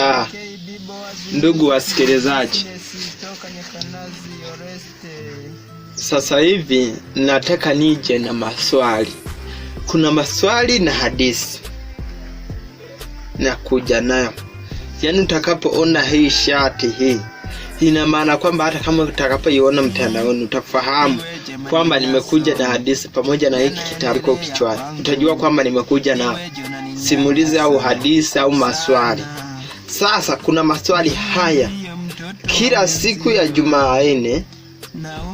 Ah, ndugu wasikilizaji, sasa hivi nataka nije na maswali. Kuna maswali na hadithi na kuja nayo, yaani utakapoona hii shati hii ina maana kwamba hata kama utakapoiona mtandaoni utafahamu kwamba nimekuja na hadithi pamoja na hiki kitabu kichwani, utajua kwamba nimekuja na simulizi au hadithi au maswali. Sasa kuna maswali haya kila siku ya Jumanne,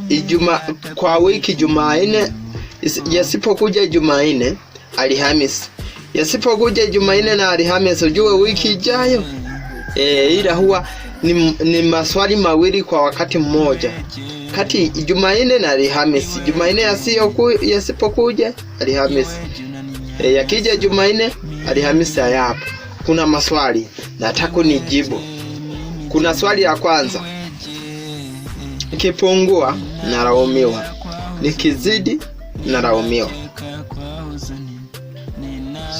Ijumaa kwa wiki, Jumanne yasipokuja Jumanne, Alhamisi yasipokuja Jumanne na Alhamisi, ujue wiki ijayo e, ila huwa ni, ni maswali mawili kwa wakati mmoja kati Jumanne na Alhamisi. Jumanne yasipokuja Alhamisi e, yakija Jumanne, Alhamisi hayapo. ya kuna maswali nataka nijibu. Kuna swali ya kwanza, nikipungua nalaumiwa, nikizidi nalaumiwa.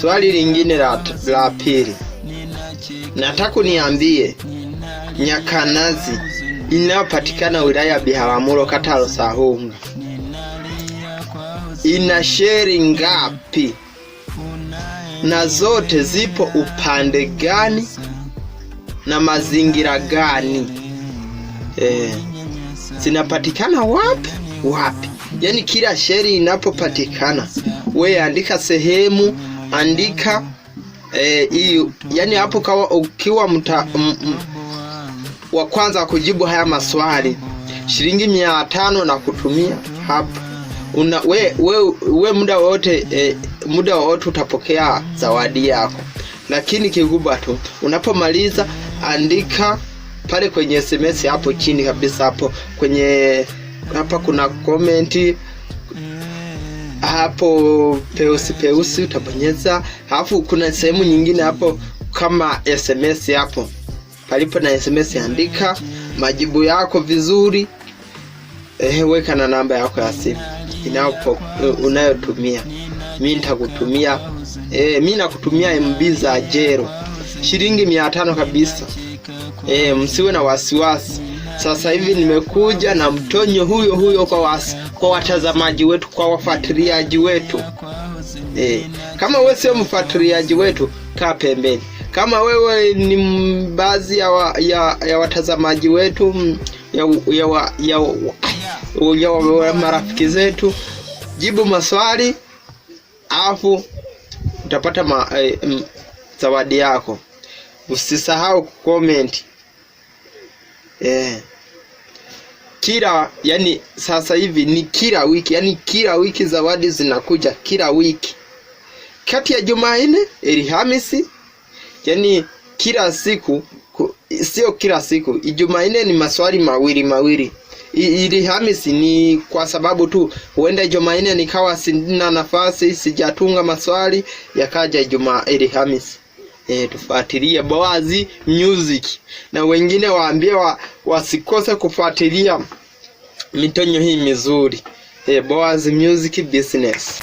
Swali lingine la, la pili, nataka niambie Nyakanazi inayopatikana wilaya ya Biharamulo kata Rusahunga ina sheri ngapi? na zote zipo upande gani na mazingira gani eh, zinapatikana wapi wapi. Yani kila sheri inapopatikana, we andika sehemu, andika eh, iyo. Yani hapo kawa ukiwa mta, m, m, wa kwanza kujibu haya maswali, shilingi mia tano na kutumia hapo una we, we, we muda wote e, muda wote utapokea zawadi yako, lakini kikubwa tu unapomaliza andika pale kwenye SMS hapo chini kabisa, hapo kwenye hapa kuna komenti hapo peusi peusi utabonyeza, alafu kuna sehemu nyingine hapo kama SMS hapo palipo na SMS, andika majibu yako vizuri. Ehe, weka na namba yako ya simu inapo unayotumia. Mimi nitakutumia eh, mimi nakutumia MB za jero shilingi mia tano kabisa. Eh, msiwe na wasiwasi. Sasa hivi nimekuja na mtonyo huyo huyo kwa was, kwa watazamaji wetu, kwa wafuatiliaji wetu eh. Kama wewe sio mfuatiliaji wetu, kaa pembeni. Kama wewe ni baadhi ya, wa, ya, ya watazamaji wetu ya, ya, ya, ya marafiki zetu, jibu maswali alafu utapata ma, eh, mm, zawadi yako. Usisahau kukomenti eh. Kila yani sasa hivi ni kila wiki, yani kila wiki zawadi zinakuja kila wiki, kati ya Jumanne Hamisi, yani kila siku sio kila siku. Jumanne ni maswali mawili mawili ili Hamisi ni kwa sababu tu huenda Jumanne nikawa sina nafasi, sijatunga maswali yakaja Ijumaa ili Hamisi. E, tufuatilie Boaz Music na wengine waambie wa, wasikose kufuatilia mitonyo hii mizuri. E, eh, Boaz Music Business.